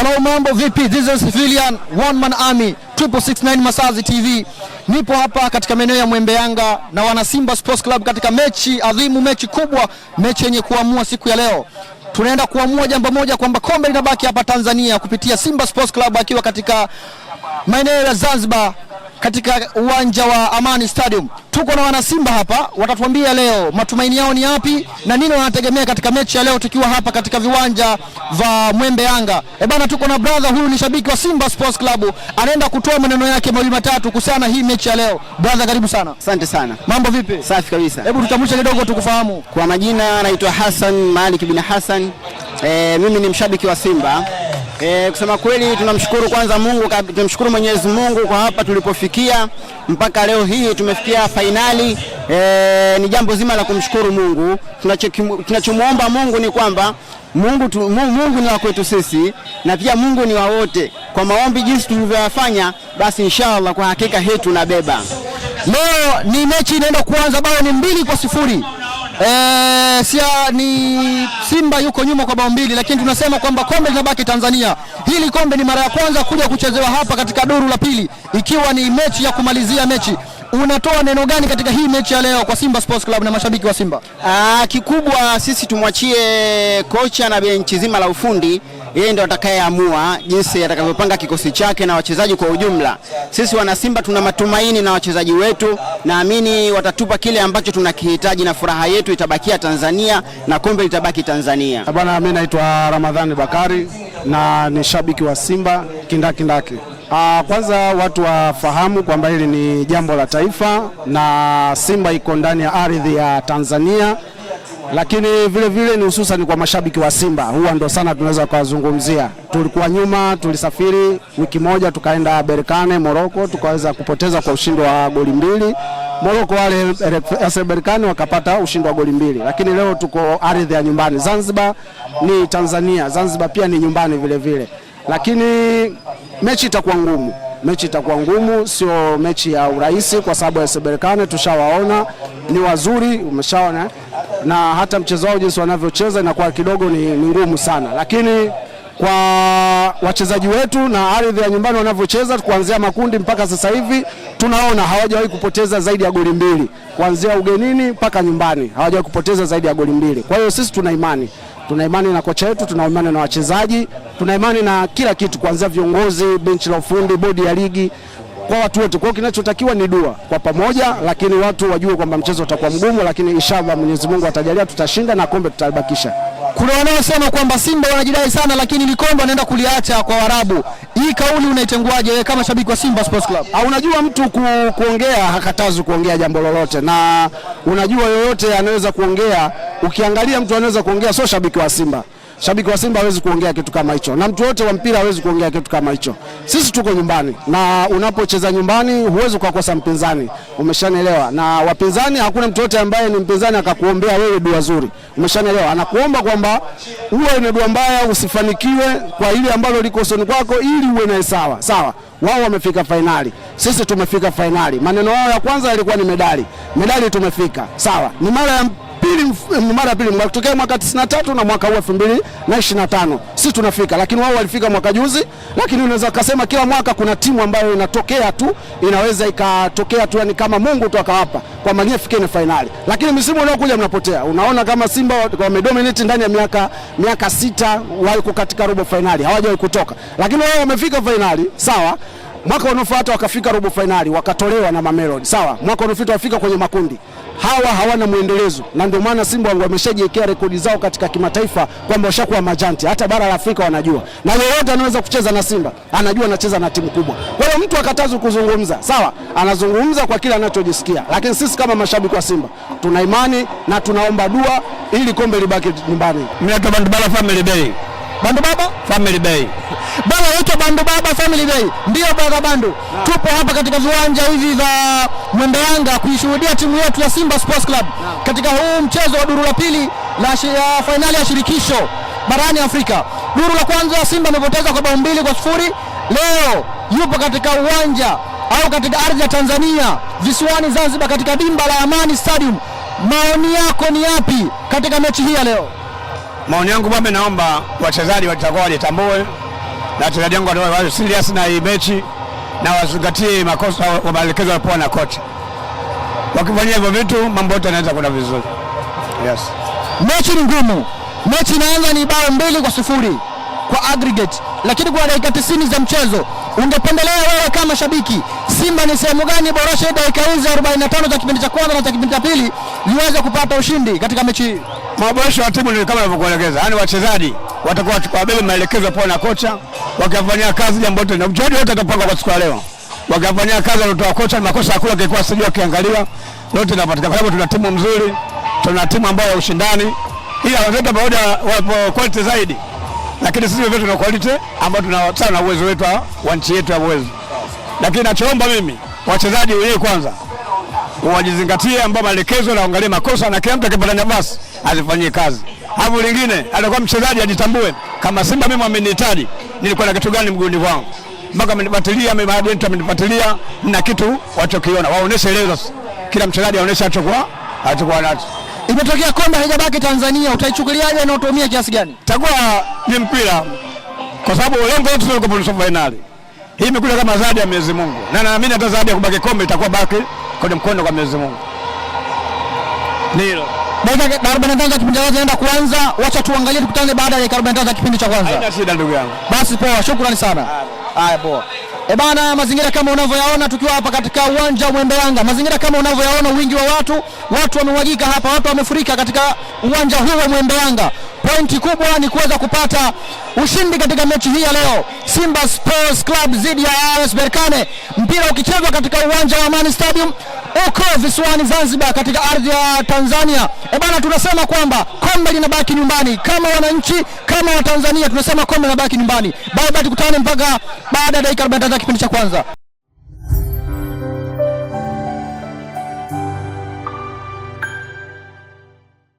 Hello mambo vipi? This is civilian one man army 669 Masazi TV. Nipo hapa katika maeneo ya Mwembe Yanga na wana Simba Sports Club katika mechi adhimu, mechi kubwa, mechi yenye kuamua siku ya leo. Tunaenda kuamua jambo moja kwamba kombe linabaki hapa Tanzania kupitia Simba Sports Club akiwa katika maeneo ya Zanzibar katika uwanja wa Amani Stadium. Tuko na wanasimba hapa, watatuambia leo matumaini yao ni yapi na nini wanategemea katika mechi ya leo, tukiwa hapa katika viwanja vya Mwembe Yanga. E bana, tuko na brother huyu, ni shabiki wa Simba Sports Club, anaenda kutoa maneno yake mawili matatu kuhusiana hii mechi ya leo. Brother, karibu sana. Asante sana. Mambo vipi? Safi kabisa. Hebu tutambulishe kidogo tukufahamu. Kwa majina, naitwa Hassan Malik bin Hassan. E, mimi ni mshabiki wa Simba E, kusema kweli tunamshukuru kwanza Mungu, tunamshukuru Mwenyezi Mungu kwa hapa tulipofikia mpaka leo hii tumefikia fainali. E, eh, ni jambo zima la kumshukuru Mungu. Tunachomwomba Mungu ni kwamba Mungu, tu, Mungu ni wa kwetu sisi na pia Mungu ni wa wote. Kwa maombi jinsi tulivyoyafanya, basi inshallah kwa hakika hii tunabeba. Leo ni mechi inaenda kuanza, bao ni mbili kwa sifuri. Eh, sia ni Simba yuko nyuma kwa bao mbili, lakini tunasema kwamba kombe linabaki Tanzania. Hili kombe ni mara ya kwanza kuja kuchezewa hapa katika duru la pili, ikiwa ni mechi ya kumalizia mechi. Unatoa neno gani katika hii mechi ya leo kwa Simba Sports Club na mashabiki wa Simba? Aa, ah, kikubwa sisi tumwachie kocha na benchi zima la ufundi yeye ndo atakayeamua jinsi atakavyopanga kikosi chake na wachezaji kwa ujumla. Sisi wanasimba tuna matumaini na wachezaji wetu, naamini watatupa kile ambacho tunakihitaji na furaha yetu itabakia Tanzania na kombe litabaki Tanzania. Ah, bwana, mimi naitwa Ramadhani Bakari na ni shabiki wa Simba kindakindaki. Uh, ah, kwanza watu wafahamu kwamba hili ni jambo la taifa na Simba iko ndani ya ardhi ya Tanzania lakini vile vile ni hususan kwa mashabiki wa Simba, huwa ndo sana tunaweza kuwazungumzia. Tulikuwa nyuma, tulisafiri wiki moja tukaenda Berkane Moroko, tukaweza kupoteza kwa ushindi wa goli mbili Moroko, wale RS Berkane wakapata ushindi wa goli mbili, lakini leo tuko ardhi ya nyumbani. Zanzibar ni Tanzania, Zanzibar pia ni nyumbani vile vile, lakini mechi itakuwa ngumu mechi itakuwa ngumu, sio mechi ya urahisi kwa sababu ya Seberekane tushawaona ni wazuri, umeshaona na hata mchezo wao jinsi wanavyocheza inakuwa kidogo ni ngumu sana, lakini kwa wachezaji wetu na ardhi ya nyumbani wanavyocheza kuanzia makundi mpaka sasa hivi tunaona hawajawahi kupoteza zaidi ya goli mbili kuanzia ugenini mpaka nyumbani, hawajawahi kupoteza zaidi ya goli mbili. Kwa hiyo sisi tuna imani, tuna imani na kocha wetu, tuna imani na wachezaji tuna imani na kila kitu, kuanzia viongozi, benchi la ufundi, bodi ya ligi kwa watu wote. Kwa hiyo kinachotakiwa ni dua kwa pamoja, lakini watu wajue kwamba mchezo utakuwa mgumu, lakini inshallah Mwenyezi Mungu atajalia tutashinda na kombe tutalibakisha. Kuna wanaosema kwamba Simba wanajidai sana, lakini likombe anaenda kuliacha kwa Waarabu. Hii kauli unaitenguaje wewe kama shabiki wa Simba Sports Club? Ha, ah, unajua mtu ku, kuongea hakatazi kuongea jambo lolote, na unajua yoyote anaweza kuongea. Ukiangalia mtu anaweza kuongea, sio shabiki wa Simba Shabiki wa Simba hawezi kuongea kitu kama hicho, na mtu wote wa mpira hawezi kuongea kitu kama hicho. Sisi tuko nyumbani, na unapocheza nyumbani huwezi kukosa mpinzani, umeshanielewa. Na wapinzani, hakuna mtu wote ambaye ni mpinzani akakuombea wewe dua nzuri, umeshanielewa. Anakuomba kwamba uwe una dua mbaya, usifanikiwe kwa ile ambalo liko usoni kwako, ili uwe na sawa sawa. Wao wamefika fainali, sisi tumefika fainali. Maneno yao ya kwanza yalikuwa ni medali, medali tumefika, sawa, ni mara ya mbili eh, mara pili tokea mwaka 93 na mwaka huu 2025 sisi tunafika, lakini wao walifika mwaka juzi. Lakini unaweza kusema kila mwaka kuna timu ambayo inatokea tu, inaweza ikatokea tu, yani kama Mungu tu akawapa kwamba nyie ni finali. lakini msimu unaokuja mnapotea. Unaona kama Simba wamedominate ndani ya miaka miaka sita, wao katika robo finali hawajawahi kutoka, lakini wao wamefika fainali sawa Mwaka unaofuata wakafika robo fainali wakatolewa na Mamelodi, sawa. Mwaka unaofuata wafika kwenye makundi. Hawa hawana mwendelezo, na ndio maana Simba wameshajiwekea rekodi zao katika kimataifa kwamba washakuwa majanti, hata bara la Afrika wanajua, na yeyote anaweza kucheza na Simba anajua anacheza na timu kubwa. Kwa hiyo mtu akatazwi kuzungumza, sawa, anazungumza kwa kile anachojisikia, lakini sisi kama mashabiki wa Simba tuna imani na tunaomba dua ili kombe libaki nyumbani. Mimi Bandibala Family Day. Bandu Baba Family Bay. Baba yote Bandu Baba Family Bay. Ndio baba Bandu. Na. Tupo hapa katika viwanja hivi vya Mwembe Yanga kuishuhudia timu yetu ya Simba Sports Club na. katika huu mchezo wa duru la pili la fainali ya shirikisho barani Afrika. Duru la kwanza Simba imepoteza kwa bao mbili kwa sifuri. Leo yupo katika uwanja au katika ardhi ya Tanzania visiwani Zanzibar, katika dimba la Amani Stadium. Maoni yako ni yapi katika mechi hii ya leo? maoni yangu bwana, naomba wachezaji watakuwa wajitambue na wachezaji wangu wawe serious na hii mechi na wazingatie makosa wa maelekezo yaliyopewa na kocha. Wakifanya hivyo vitu, mambo yote yanaweza kwenda vizuri. Yes, mechi ni ngumu. Mechi inaanza ni bao mbili kwa sifuri kwa aggregate, lakini kwa dakika 90 za mchezo ungependelea wewe kama shabiki Simba ni sehemu gani boresha dakika hizi 45 za kipindi cha kwanza na cha kipindi cha pili liweze kupata ushindi katika mechi hii? maboresho ya timu ni kama nilivyokuelekeza, yaani wachezaji watakuwa wabebe maelekezo pale na kocha, wakifanyia kazi jambo lote na mchezaji wote atapangwa kwa siku ya leo, wakifanyia kazi anatoa kocha, makosa hakuna kikwa sijui, akiangalia lote kwa sababu tuna timu nzuri, tuna timu ambayo ya ushindani, ila wenzetu pamoja wapo quality zaidi, lakini sisi vile tuna quality ambayo tuna sana uwezo wetu wa nchi yetu ya uwezo, lakini nachoomba mimi wachezaji wenyewe kwanza wajizingatie ambao maelekezo na angalie makosa, na kila mtu akipata nafasi azifanyie kazi. Hapo lingine atakuwa mchezaji ajitambue, kama Simba mimi amenihitaji, nilikuwa na kitu gani mguuni wangu mpaka amenifuatilia mimi, agent amenifuatilia na kitu wachokiona, waoneshe leo. Sasa kila mchezaji aoneshe achokuwa achokuwa nacho. Imetokea kombe haijabaki Tanzania, utaichukuliaje na utumie kiasi gani? Takuwa ni mpira, kwa sababu lengo letu ni kufuzu finali. Hii imekuja kama zawadi ya Mwenyezi Mungu, na naamini hata zawadi ya kubaki kombe itakuwa baki kwenye mkono kwa Mwenyezi Mungu. Ndio. Dakika 45 kipindi cha kwanza inaenda kuanza. Wacha tuangalie tukutane baada ya dakika 45 kipindi cha kwanza. Haina shida ndugu yangu. Basi poa, shukrani sana. Haya poa. E bana, mazingira kama unavyoyaona tukiwa hapa katika uwanja wa Mwembeyanga, mazingira kama unavyoyaona, wingi wa watu, watu wamemwagika hapa, watu wamefurika katika uwanja huu wa Mwembeyanga. Pointi kubwa ni kuweza kupata ushindi katika mechi hii ya leo, Simba Sports Club dhidi ya RS Berkane, mpira ukichezwa katika uwanja wa Amani Stadium uko visiwani Zanzibar, katika ardhi ya Tanzania. E bana, tunasema kwamba kombe linabaki nyumbani. Kama wananchi, kama Watanzania, tunasema kombe linabaki nyumbani. Baba, tukutane mpaka baada ya dakika 45 kipindi cha kwanza.